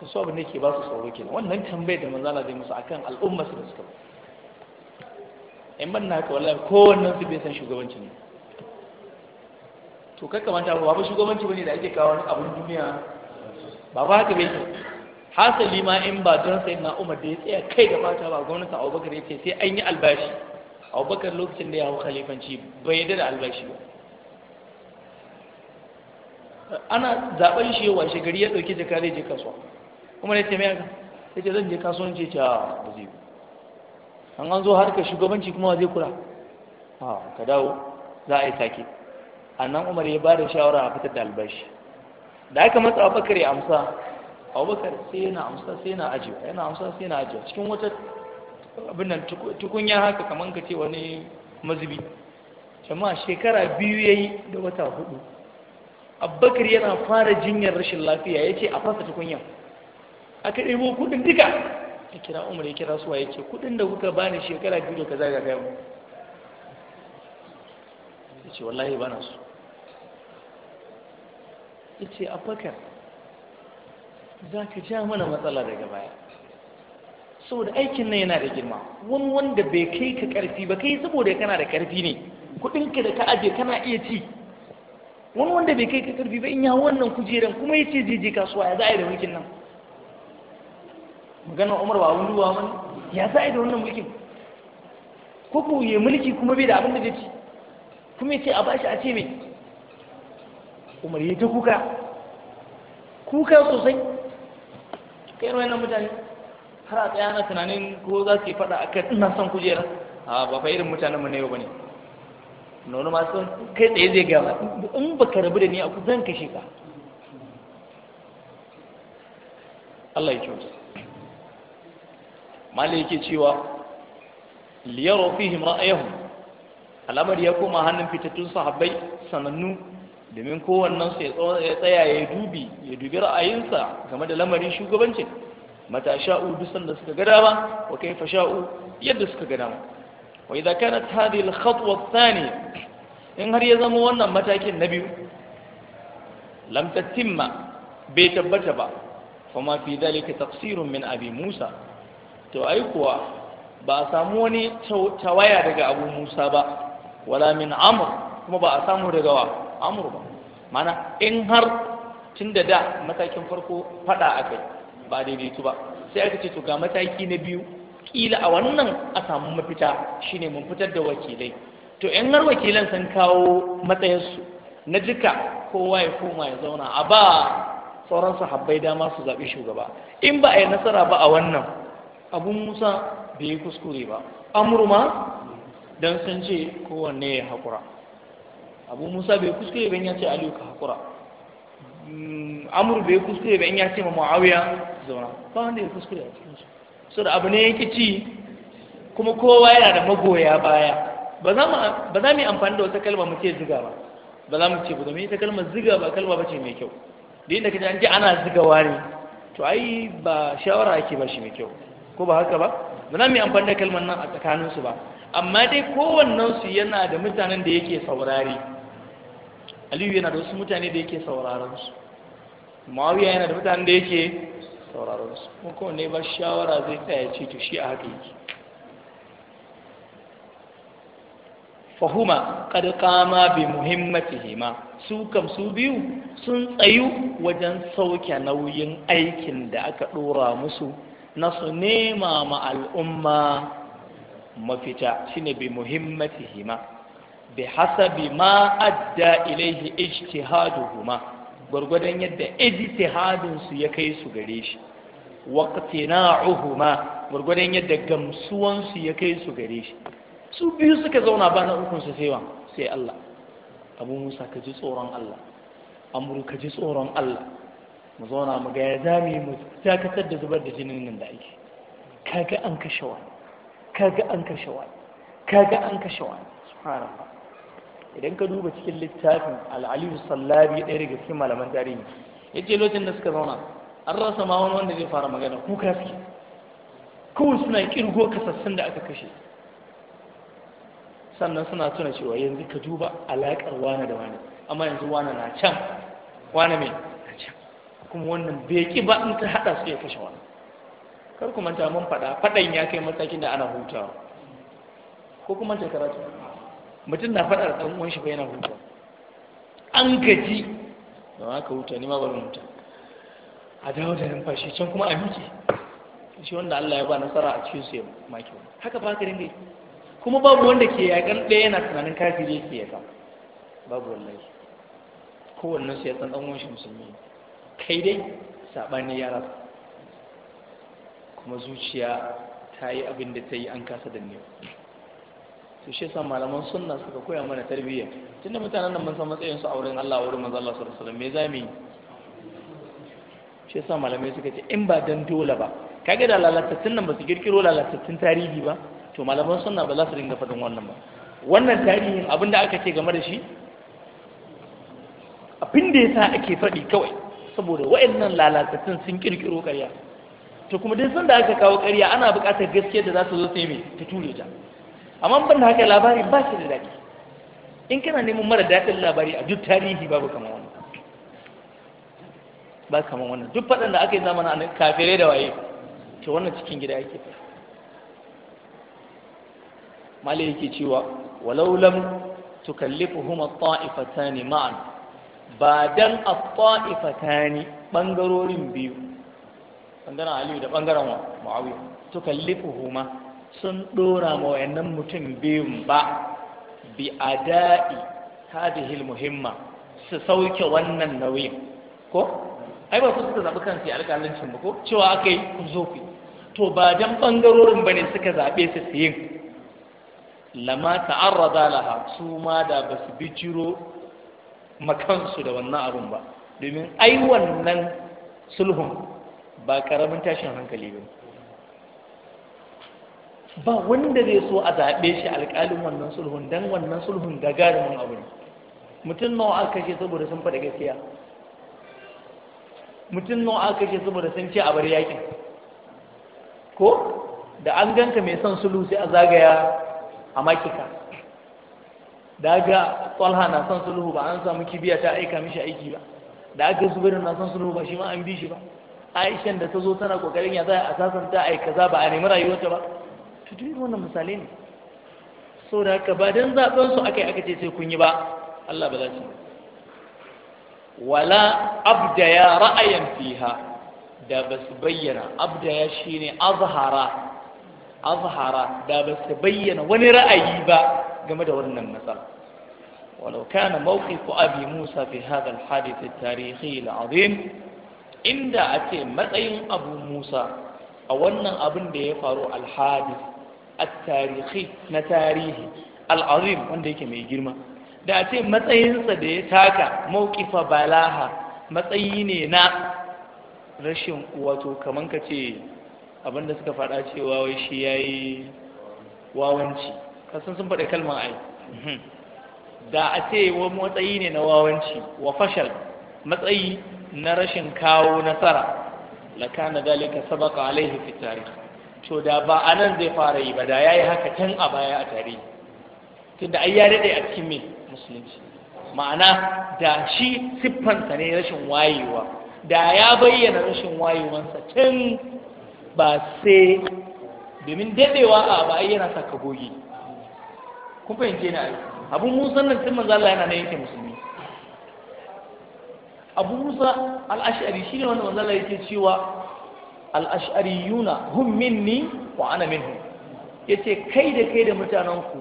to su abin da ke ba su tsoro kenan wannan tambayar da manzala zai musu akan al'umma su da suka ba in ban na haka wallahi wannan su bai san shugabanci ne to kakka manta ba ba shugabanci bane da ake kawo wani abun duniya ba ba haka bai hasali ma in ba don sai na umar da ya tsaya kai da fata ba gwamnatin abubakar ya ce sai an yi albashi abubakar lokacin da ya hau khalifanci bai yadda da albashi ba ana zaɓar shi yawa, gari ya ɗauki jaka zai je kasuwa kuma ya ce mayaka ta ce zan je kasuwanci ce a ba zai an an zo harka shugabanci kuma zai kula a ka dawo za a yi sake annan umar ya ba da shawara a fitar da albashi da aka matsa abubakar ya amsa abubakar sai yana amsa sai yana ajiyar yana amsa sai yana ajiyewa cikin wata abin nan tukunya haka kamar ka ce wani mazubi jama'a shekara biyu ya yi da wata hudu abbakar yana fara jinyar rashin lafiya ya ce a fasa tukunya aka ɗebo kudin duka ya kira umar ya kira suwa ya ce kudin da kuka bani shekara biyu da ka zaga kayan mu ya ce wallahi bana su ya ce abbakar za ka ja mana matsala daga baya saboda aikin nan yana da girma wani wanda bai kai ka karfi ba kai saboda kana da karfi ne kudin ka da ka aje kana iya ci wani wanda bai kai ka karfi ba in ya wannan kujeran kuma ya ce je je kasuwa ya za a yi da mulkin nan magana umar ba wani ruwa wani ya za a yi da wannan mulkin ko ko ya mulki kuma bai da abin da zai ci kuma ya ce a bashi a ce mai umar ya ta kuka kuka sosai kai wannan mutane har a tsaya na tunanin ko za su yi faɗa a kan ina son kujera a ba fa irin mutanen mu ne ba ne nono ma sun kai tsaye zai gaba in ba ka rabu da ni a ku zan kashe ka Allah ya ce wasu mali yake cewa liyaro fihim ra'ayahu, al'amar ya koma hannun fitattun sahabbai sanannu domin kowannen su ya tsaya ya dubi ya dubi ra'ayinsa game da lamarin shugabancin mata sha'u duk sanda suka ga dama wa kaifa sha'u yadda suka ga dama wa idza kanat hadhihi in har ya zama wannan matakin na biyu lam tatimma bai tabbata ba fama fi dhalika taqsirun min abi Musa to ai kuwa ba a samu wani tawaya daga abu Musa ba wala min Amr kuma ba a samu daga wa Amr ba mana in har tun da da matakin farko fada akai ba daidaitu ba sai aka ce to ga mataki na biyu kila a wannan a samu mafita shine mun fitar da wakilai to yan har wakilan sun kawo matsayinsu na duka kowa ya koma ya zauna a ba sauran sahabbai dama su zaɓi shugaba in ba a yi nasara ba a wannan abun musa bai yi kuskure ba amurma don sun ce kowanne ya haƙura abu musa bai kuskure ban ya ce aliyu ka haƙura amur bai kuskure ba in ya ce ma muawiya zauna ba wanda ya kuskure a cikin su so da abu ne ke ci kuma kowa yana da magoya baya ba za mu yi amfani da wata kalma mu ce ziga ba ba za mu ce ba domin ita kalma ziga ba kalma ba ce mai kyau da inda kaji an ce ana zigawa ne to ai ba shawara ake ba shi mai kyau ko ba haka ba ba za mu yi amfani da kalmar nan a tsakaninsu ba amma dai kowannensu yana da mutanen da yake saurari aliyu yana da wasu mutane da yake sauraron su muawiya yana da mutane da yake sauraron su kuma ne ba shawara zai tsaya ce to shi a haka yake fahuma kada kama bi hima, su kam su biyu sun tsayu wajen sauke nauyin aikin da aka dora musu na su nema ma al'umma mafita shine bi hima. bi hasabi ma adda ilaihi ijtihaduhuma gurgudan yadda ijtihadin su ya kai su gare shi waqtina'uhuma gurgudan yadda gamsuwan su ya kai su gare shi su biyu suka zauna ba na ukun su sai wa sai Allah abu Musa ka ji tsoron Allah amru ka ji tsoron Allah mu zauna mu ga ya zame mu dakatar da zubar da jinin nan da ake kaga an kashe wani kaga an kashe wani kaga an kashe wani subhanallah idan ka duba cikin littafin al'alihu sallabi ɗaya daga cikin malaman tarihi ya ce lokacin da suka zauna an rasa ma wani wanda zai fara magana kuka suke kawai suna kirgo kasassun da aka kashe sannan suna tuna cewa yanzu ka duba alaƙar wane da wane amma yanzu wane na can wane mai na can kuma wannan bai ba in ta haɗa su ya kashe wani kar kuma ta mun faɗa faɗan ya kai matakin da ana hutawa ko kuma ta karatu mutum na faɗa da ɗan shi ba hutu huta an gaji da haka hutu ne ma bari huta a dawo da numfashi can kuma a miki shi wanda Allah ya ba nasara a cikin su ya maki wani haka ba ka dinga kuma babu wanda ke yakan ɗaya yana tunanin kafiri yake kama babu wallahi kowannen su ya san ɗan shi musulmi kai dai saɓani yara kuma zuciya ta yi abin da ta yi an kasa da ne su shi sa malaman sunna suka koya mana tarbiyya tunda mutanen nan mun san matsayin su a wurin Allah wurin manzo Allah sallallahu alaihi wasallam me zamu yi shi sa malamai suka ce in ba dan dole ba kage da lalatattun nan ba su kirkiro lalatattun tarihi ba to malaman sunna ba za su dinga faɗin wannan ba wannan tarihin abin da aka ce game da shi abin da yasa ake faɗi kawai saboda wa'annan lalatattun sun kirkiro ƙarya to kuma duk sanda aka kawo ƙarya ana buƙatar gaskiya da za su zo sai mai ta ture ta amma ban da haka labari ba shi da daɗi in kana neman mara daɗin labari a duk tarihi babu kamar wannan ba kamar wannan duk faɗin da aka yi zamana a kafirai da waye to wannan cikin gida yake malai yake cewa walau lam tukallifuhum at-ta'ifatani ma'an ba dan at-ta'ifatani bangarorin biyu bangaren Aliyu da bangaren kalli tukallifuhuma sun ɗora ma wayannan mutum biyun ba bi ada'i hadihil muhimma su sauke wannan nauyin ko ai ba su suka zaɓi kansu a alƙalancin ba ko cewa aka yi kun zo to ba dan ɓangarorin ba ne suka zaɓe su su yin lama ta'arrada laha su ma da ba su bi jiro makansu da wannan abun ba domin ai wannan sulhun ba ƙaramin tashin hankali ba ne ba wanda zai so a zaɓe shi alƙalin wannan sulhun don wannan sulhun gagarumin abu ne mutum nawa aka kashe saboda sun faɗa gaskiya mutum nawa aka kashe saboda sun ce a bar yakin ko da an ganka mai son sulhu sai a zagaya a makika ga tsalha na son sulhu ba an samu kibiya ta aika mishi aiki ba da aka zubairu na son sulhu ba shi ma an bi shi ba aishan da ta zo tana kokarin ya za a sasanta a kaza ba a nemi rayuwarta ba su duk wannan misalai ne so da haka ba don zaɓen su aka yi aka ce sai kun yi ba Allah ba za su wala abda ya ra'ayan fiha da ba su bayyana abda ya shi ne azhara azhara da ba su bayyana wani ra'ayi ba game da wannan matsala ولو كان موقف أبي موسى في هذا الحادث التاريخي العظيم inda a ce matsayin abu musa a wannan abin da ya faru alhadis at-tarihi na tarihi al wanda yake mai girma da a ce matsayinsa da ya taka mawqifa balaha matsayi ne na rashin wato kaman ka ce abinda suka fada cewa wai shi ya yi wawanci kasan sun faɗi kalmar ai mhm. da a ce wani matsayi ne na wawanci wa fashal matsayi na rashin kawo nasara la kana dalika sabaqa alaihi fi tarikh to da ba a nan zai fara yi ba da ya yi haka tun a baya a tare. tunda ai ya daɗe a cikin mai musulunci ma'ana da shi siffansa ne rashin wayewa da ya bayyana rashin wayewansa tun ba sai domin daɗewa a ba ai yana sa ka goge kun fahimce na abun musa nan tun manzo Allah yana nan yake musulmi abu musa al'ashari shi ne wanda manzo Allah yake cewa al'ashariyuna hun minni wa ana Ya ce kai da kai da mutanenku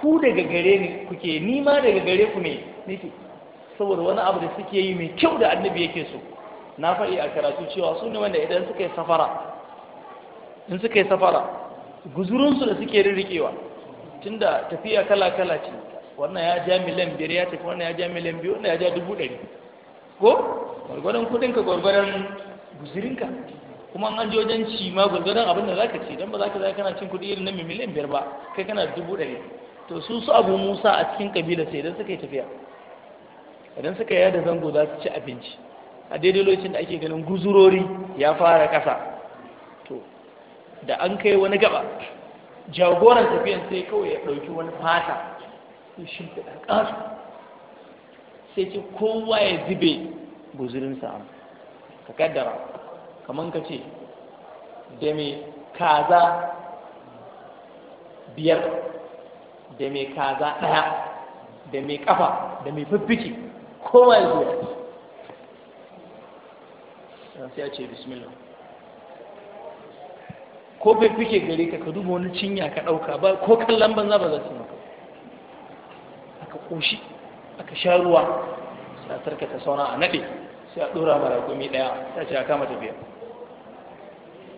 ku daga gare ni kuke ni ma daga gare ku ne nake saboda wani abu da suke yi mai kyau da annabi yake so na faɗi a karatu cewa su ne wanda idan suka yi safara in suka yi safara guzurinsu da suke rirriƙewa tunda tafiya kala-kala ce wannan ya ja miliyan biyar ya tafi wannan ya ja miliyan biyu wannan ya ja dubu ɗari ko gwargwadon kudinka gwargwadon guzurinka kuma an ji wajen ci ma gwargwadon abin da zaka ci dan ba zaka zai kana cin kuɗi irin na miliyan biyar ba kai kana dubu ɗari to su su abu musa a cikin kabila sai idan suka yi tafiya idan suka yada zango za su ci abinci a daidai lokacin da ake ganin guzurori ya fara ƙasa to da an kai wani gaba jagoran tafiyan sai kawai ya ɗauki wani fata su shimfiɗa ƙasa sai ce kowa ya zube guzurinsa ka kaddara kamar ka ce da mai kaza biyar da mai kaza ɗaya da mai ƙafa, da mai fiffiki kowa ya zuwa sai a ce bismillah ko fiffike gare ka ka duba wani cinya ka ɗauka ba ko kallon banza ba za su maka aka ƙoshi aka sha ruwa sai a tarkata sauna a naɗe sai a ɗora mara gumi ɗaya sai a ce a kama tafiya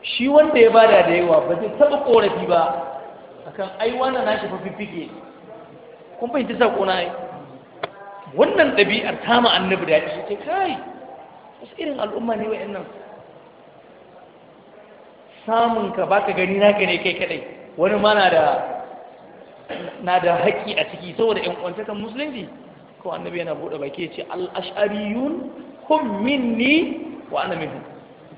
shi wanda ya bada da yawa ba zai taba korafi ba akan ai wannan nashi fa fiffike kun fahimta sako na ai wannan ɗabi'ar ta ma annabi da shi ce kai wasu irin al'umma ne nan. samun ka baka gani na ne kai kadai wani ma na da na haƙƙi a ciki saboda ƴan kwantakan musulunci ko annabi yana buɗe baki ya ce al-ash'ariyun hum minni wa ana minhum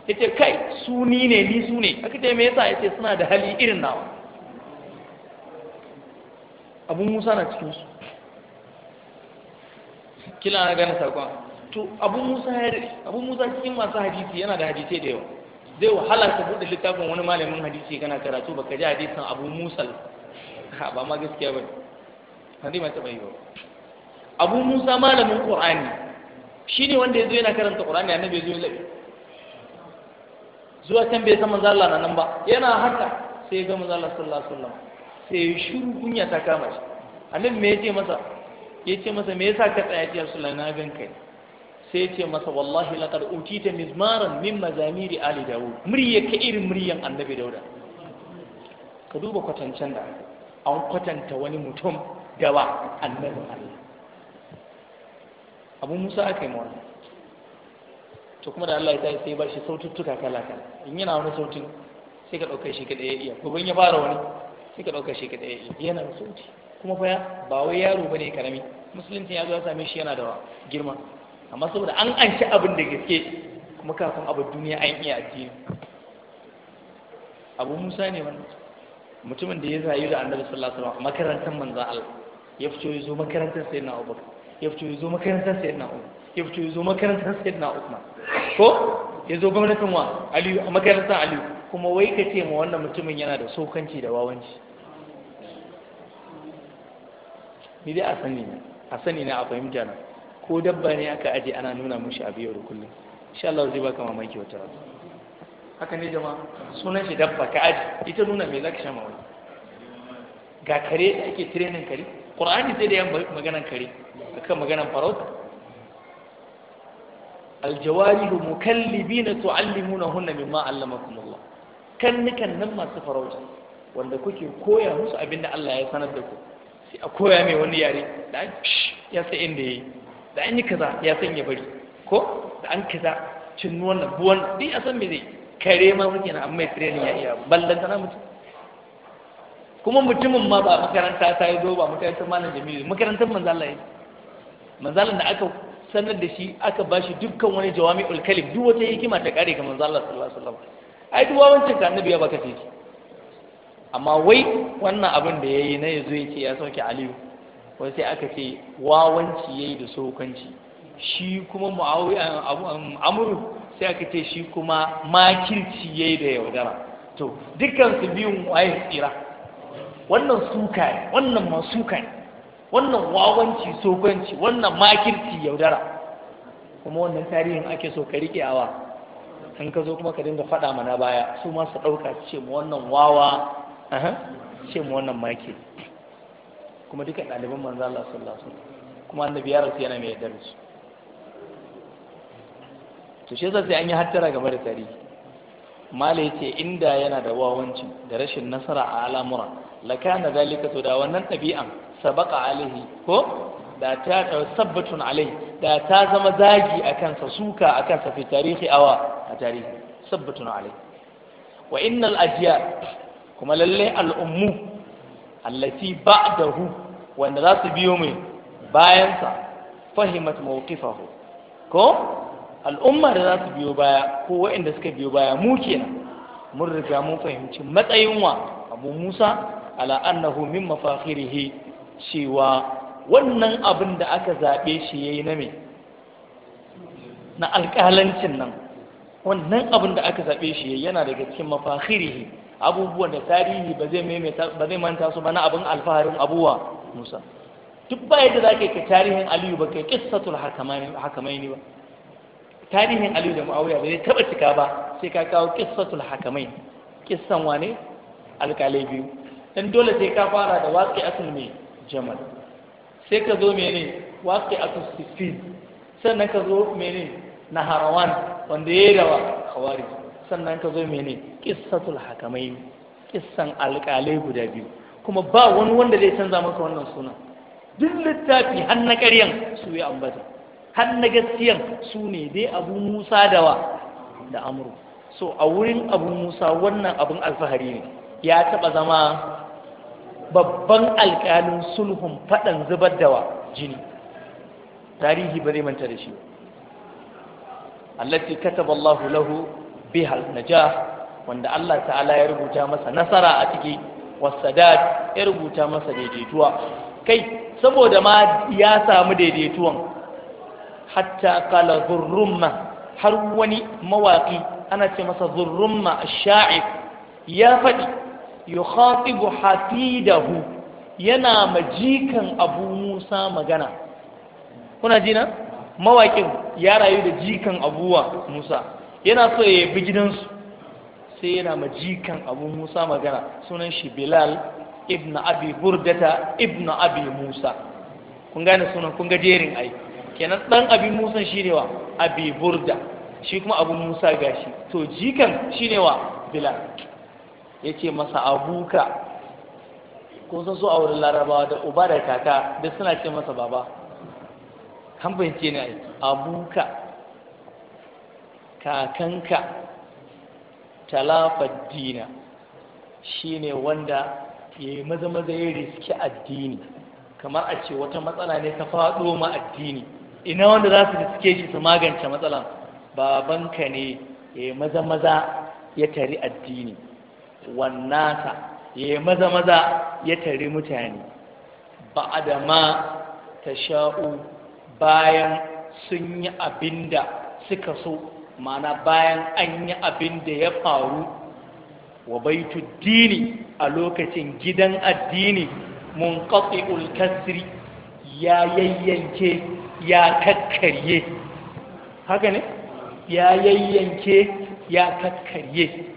yace kai su ni ne ni su ne aka ce me yasa yace suna da hali irin nawa abu musa na cikin su kila na gane sakon to abu musa ya abu musa cikin masu hadisi yana da hadisi da yawa zai wahala ka bude littafin wani malamin hadisi kana karatu baka ji hadisin abu musa ba ma gaskiya ba hadisi mai taba yi ba abu musa malamin qur'ani shine wanda yazo yana karanta qur'ani annabi yazo ya zuwa can bai san manzo Allah nan ba yana haka sai ga manzo Allah sallallahu alaihi wasallam sai shiru kunya ta kama shi annabi me yace masa yace masa me yasa ka tsaya ya Rasulullah na gan kai sai yace masa wallahi laqad utita mizmaran min mazamiri ali daud murya ka irin muryan annabi dauda ka duba kwatancen da an kwatanta wani mutum gaba, annabi Allah abu musa akai yi mawani to kuma da Allah ya tafi sai ba shi saututtuka kala kala in yana wani sautin sai ka ɗauka shi ka ɗaya iya ko ya fara wani sai ka ɗauka shi ka ɗaya iya yana da sauti kuma fa ba wai yaro bane karami musulunci ya zo ya same shi yana da girma amma saboda an anci abin da gaske kuma kafin abu duniya an iya addini abu musa ne wannan mutumin da ya rayu da annabi sallallahu alaihi wasallam makarantar manzo Allah ya fito ya zo makarantar sayyidina Abubakar ya fito ya zo makarantar sayyidina Umar ya fito ya zo makarantar sayyidina Uthman ko ya zo gwamnatin wa aliyu a makarantar aliyu kuma wai ka ce ma wannan mutumin yana da saukanci da wawanci ni dai a sani na a sani ne a fahimta na ko dabba ne aka aje ana nuna mushi a biyar da kullum insha Allah zai baka mamaki wata rana haka ne jama'a sunan shi dabba ka aje ita nuna me zaka sha wani? ga kare da ake training kare Qur'ani sai da yan maganan kare akan maganan farauta biyu na الجوارح مكلبين ma مما علمكم Kan ni kan nan masu farauta wanda kuke koya musu abin da Allah ya sanar da ku sai a koya mai wani yare da an ya san inda ya yi, da an yi kaza ya san ya bari ko da an kaza cin wannan buwan duk ya san me zai kare ma muke na amma training ya iya ballan tana mutum kuma mutumin ma ba makaranta ta yi zo ba makarantar malam Jamilu makarantar Manzala Allah ya manzo Allah da aka sanar da shi aka ba shi dukkan wani jawami kalim duk wata hikima ta kare ga manzo Allah sallallahu alaihi wasallam ai duk wawancin ka annabi ya baka sai amma wai wannan abin da yayi na yazo yake ya sauke aliyu wai sai aka ce wawanci yayi da sokanci shi kuma muawiya amru sai aka ce shi kuma makirci yayi da yaudara to dukkan su biyun waye tsira wannan suka wannan ma suka ne wannan wawanci sokanci wannan makirci yaudara kuma wannan tarihin ake so ka riƙe awa An ka zo kuma ka dinga faɗa mana baya su ma su ɗauka ce mu wannan wawa ce mu wannan maki kuma duka ɗaliban manzo Allah sallallahu alaihi wasallam kuma annabi ya rasu yana mai yarda da su to shi yasa sai an yi hattara game da tarihi mala yace inda yana da wawancin da rashin nasara a al'amura lakana zalika to da wannan ɗabi'an sabaka alaihi ko da ta sabbatun alaihi da ta zama zagi a kansa suka a kansa fi tarihi awa a tarihi sabbatun alaihi wa innal ajiya kuma lalle al'ummu allati ba'dahu wanda za su biyo mai bayansa fahimat mawqifahu ko al'umma da za su biyo baya ko waɗanda suka biyo baya mu kenan mun riga mun fahimci matsayin wa abu musa ala annahu min mafakhirihi cewa wannan abin da aka zaɓe shi ya yi na me na alƙalancin nan wannan abin da aka zaɓe shi yana daga cikin mafahirihi abubuwan da tarihi ba zai manta su ba na abin alfaharin abuwa musa duk ba yadda za ka yi tarihin aliyu ba yi kissatul hakamai ne ba tarihin aliyu da ma'auya ba zai taɓa cika ba sai ka kawo kissatul hakamai kissan wane alƙalai biyu dan dole sai ka fara da watsi asul mai jamal sai ka zo mene waƙi a tusifin sannan ka zo mene na harawan wanda ya yi dawa kawari sannan ka zo mene ƙissatul hakamai kisan alƙalai guda biyu kuma ba wani wanda zai canza maka wannan suna duk littafi har na ƙaryan su yi ambata har na gaskiyan su ne dai abu musa dawa da amuru so a wurin abu musa wannan abin alfahari ne ya taɓa zama babban alƙalin sulhun faɗan zubar da wa jini tarihi ba zai manta da shi allati kataba Allah lahu bihal najah wanda Allah ta'ala ya rubuta masa nasara a ciki wasadat ya rubuta masa daidaituwa kai saboda ma ya samu daidaituwan hatta kala zurrumma har wani mawaƙi ana ce masa zurrumma ash-sha'ir ya faɗi yukhatibu hafidahu yana majikan abu musa magana kuna jina mawakin ya rayu da jikan abuwa musa yana so ya bi gidansu sai yana majikan abu musa magana sunan shi bilal ibn abi burdata ibn abi musa kun gane sunan kun ga jerin ai kenan dan abi musa shine wa abi burda shi kuma abu musa gashi to jikan shine wa bilal ya ce masa abuka kun san so a wurin larabawa da uba da kaka da suna ce masa baba kan ne abuka kakanka talafaddina ne wanda ya yi maza maza ya riski addini kamar a ce wata matsala ne ta faɗo ma addini ina wanda za su riske shi su magance matsalan babanka ne ya yi maza maza ya tari addini wannasa ya yi maza maza ya tare mutane ba da ma ta sha'u bayan sun yi abin da suka so mana bayan an yi abin da ya faru wa baitu dini a lokacin gidan addini mun kasri ya yayyanke ya kakkarye haka ne ya yayyanke ya kakkarye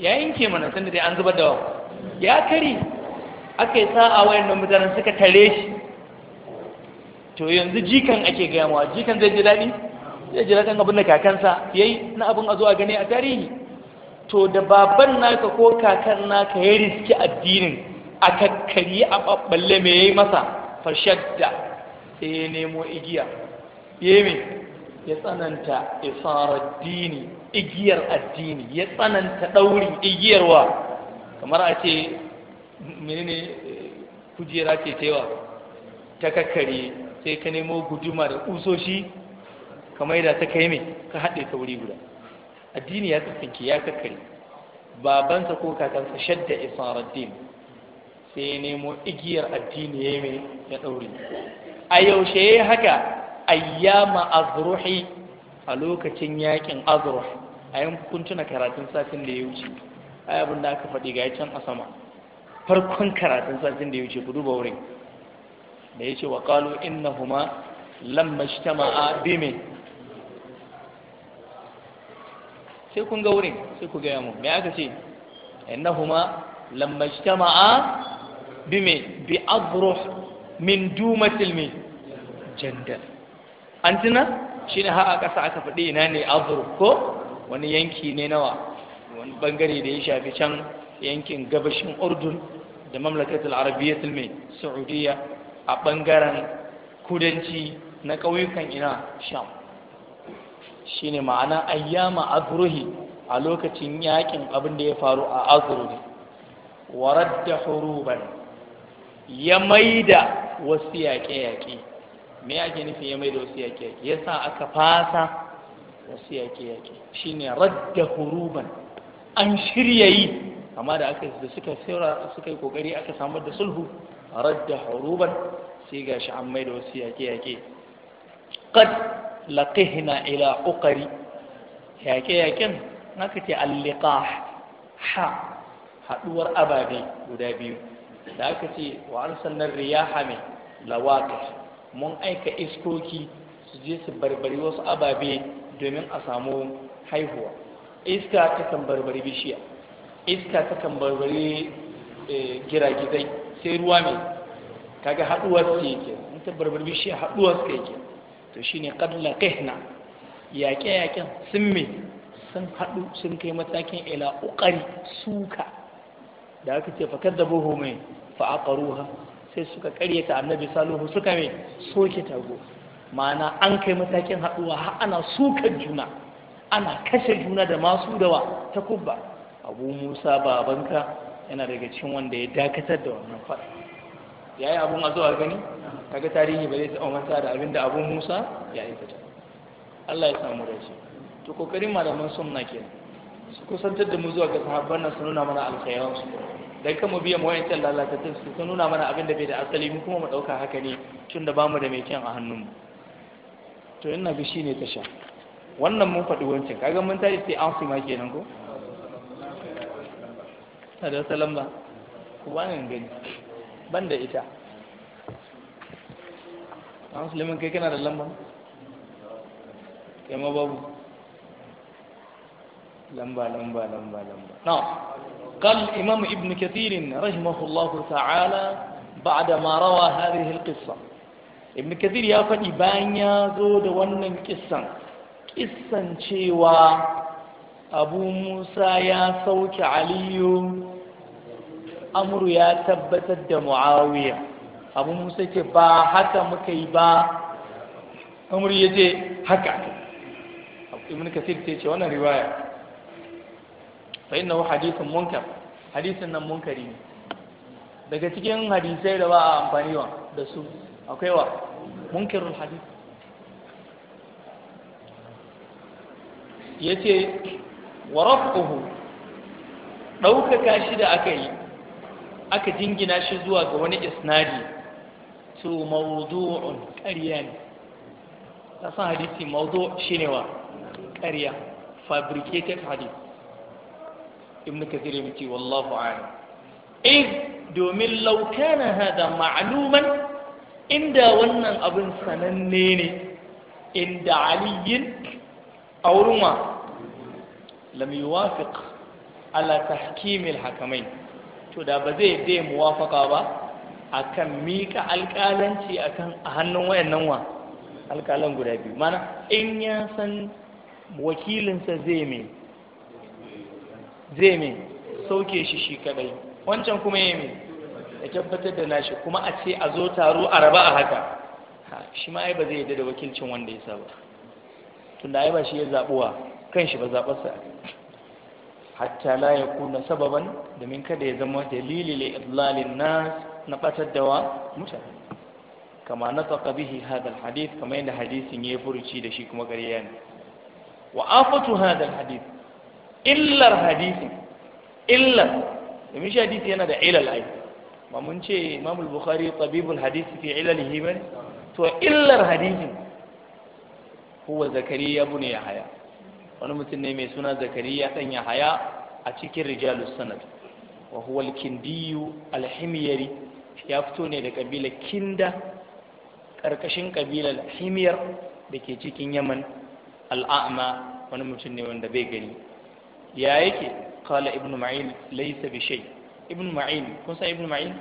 ya yanke mana tun da an zubar da wa ya kari aka yi sa'a nan mutanen suka tare shi to yanzu jikan ake gaya jikan zai ji daɗi zai ji daɗin abin da kakansa ya na abin a zo a gani a tarihi to da baban naka ko kakan naka ya riski addinin a kakkari a ɓaɓɓalle mai ya yi masa fashadda sai ya nemo igiya ya yi mai ya tsananta isarar dini igiyar addini ya tsananta ɗauri, igiyarwa kamar a ce menene eh, kujera ke cewa ta kakkare sai ka nemo guduma da kusoshi kamar yadda ta kai mai ka haɗe ta wuri guda addini ya tsakanki ya kakkare babansa ko kakansa shadda isarar dini sai ya nemo igiyar addini ya yi mai ya ɗauri. a yaushe ya haka ayyama azruhi a lokacin yakin azruh ayin kun tuna karatun satin da ya wuce ai abin da aka faɗi ga can a sama farkon karatun satin da ya wuce ku duba wurin da ya ce wa qalu innahuma lamma ijtama'a bime sai kun ga wurin sai ku gaya mu me aka ce innahuma lamma ijtama'a bime bi azruh min dumatil mi jandal an tuna shi ne ha'a ƙasa aka faɗi ina ne ko wani yanki ne nawa wani bangare da ya shafi can yankin gabashin urdun da mamlakatul arabiyyatul mai saudiya a ɓangaren kudanci na ƙauyukan ina sham shi ne ma'ana ayyama agruhi a lokacin yaƙin abin da ya faru a azruhi warar da huruban ya maida wasu yaƙe-yaƙe me yake nufi ya mai da wasu yaƙe yaƙe ya sa aka fasa wasu yaƙe yaƙe shine radda huruban an shirya yi amma da aka da suka sira suka yi kokari aka samar da sulhu radda huruban sai gashi an mai da wasu yaƙe yaƙe qad laqihna ila uqari yaƙe yaƙen naka ce al-liqah ha haduwar ababe guda biyu da aka ce wa arsalna riyaha mai lawaqih mun aika iskoki su je su barbari wasu ababe domin a samu haihuwa iska takan barbari bishiya iska takan barbari eh, giragizai sai ruwa mai kaga haduwar su yake in ta barbari bishiya haduwar su yake to shine qadla qihna yaƙe yaƙen sun me sun haɗu sun kai matakin ila ƙoƙari, suka da aka ce buhu mai fa aqaruha sai suka karyata annabi saluhu suka mai soke tago ma'ana an kai matakin haɗuwa har ana sukar juna ana kashe juna da masu dawa ta kubba abu musa babanka yana daga cikin wanda ya dakatar da wannan faɗa ya yi abun a gani kaga tarihi ba zai taɓa manta da abin da abu musa ya yi fata allah ya samu rashi to kokarin malaman sunna kenan su kusantar da mu zuwa ga sahabban nan su nuna mana alkhairansu mu biya mu biyan wayancan lalatattun su sun nuna mana abin da bai da asali mu kuma mu ɗauka haka ne tun da bamu da mai kyan a hannun mu. to ina ga shine tasha wannan mun faɗi wancan kaga mun tare sai an ma kenan ko sada salam ba ku ba nan gani ban da ita an sulemin kai kana da lamba kai ma babu lamba lamba lamba lamba na'am قال الإمام ابن كثير رحمه الله تعالى بعدما روى هذه القصة ابن كثير يا فدي بانيا زود ونن قصة قصة شيوا أبو موسى يا سوك علي أمر يا تبت معاوية أبو موسى كبا حتى مكيبا أمر يجي حكا ابن كثير تيجي وانا رواية fa innahu hadithun munkar hadisin nan munkari ne daga cikin hadisai da ba a amfani wa da su akwai wa munkarul hadith ce wa raf'uhu ɗaukaka shi da aka yi aka jingina shi zuwa ga wani isnadi to mawdu'un ƙarya ne ta san hadisi shi ne wa ƙarya fabricated hadith ibnu kathir ya ce wallahu a'lam iz eh, domin law kana hada inda wannan abin sananne ne inda aliyin a wurin wa lam yuwafiq ala tahkimil hakamai to da ba zai dai muwafaka ba akan mika alƙalanci akan a hannun wayannan wa alƙalan guda biyu mana in ya san wakilinsa zai mai zai mai sauke shi shi kaɗai. wancan kuma ya mai ya tabbatar da nashi kuma a ce a zo taro a raba a haka shi ma ai ba zai yadda da wakilcin wanda ya saba tunda ai ba shi ya zabuwa kan shi ba zabarsa hatta la ya kuna sababan domin kada ya zama dalili li idlalin nas na batar da wa mutane kama na tsaka bihi hadal hadith kama yadda hadisin ya yi furuci da shi kuma ƙarya ne wa afatu hadal hadith illar hadisin illar domin shi hadisi yana da ilal ai ba mun ce imamul bukhari tabibul hadisi fi ilalihi ba ne to illar hadisin huwa zakariya bune ya haya wani mutum ne mai suna zakariya dan ya haya a cikin rijalus sanad wa huwa alkindiyu ya fito ne da kabilar kinda karkashin kabilar himiyar da ke cikin yaman al'a'ma wani mutum ne wanda bai gani ya yake qala ibnu ma'in laysa bi shay ibnu ma'in kun san ibnu ma'in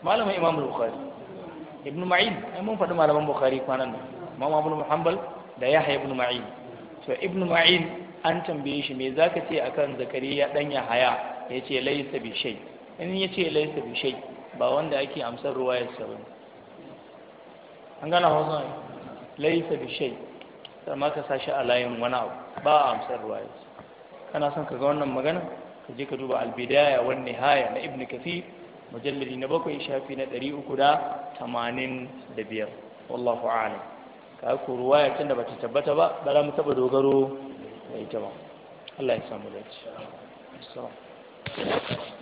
malamin imam bukhari ibnu ma'in ai mun faɗi malaman bukhari kwanan nan imam abu muhammad da yahya ibnu ma'in to ibnu ma'in an tambaye shi me zaka ce akan zakariya dan ya haya yace laysa bi shay in yace laysa bi shay ba wanda ake amsar ruwayar sa ba an gana hausa laisa bi shay sai ma ka sashi a layin wani abu ba a amsar ruwaya kana son ka ga wannan magana ka je ka duba albidaya wan nihaya na ibn kathir mujalladi na bakwai shafi na ɗari uku da tamanin da biyar wallahu a'lam ka ko ruwaya tun da bata tabbata ba ba za mu taɓa dogaro da ita ba Allah ya samu dace. Assalamu